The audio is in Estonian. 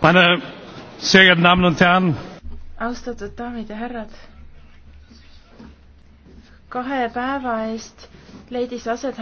meine sehr geehrten Damen und Herren, austatud daamid ja härrad, kahe päeva eest leidis aset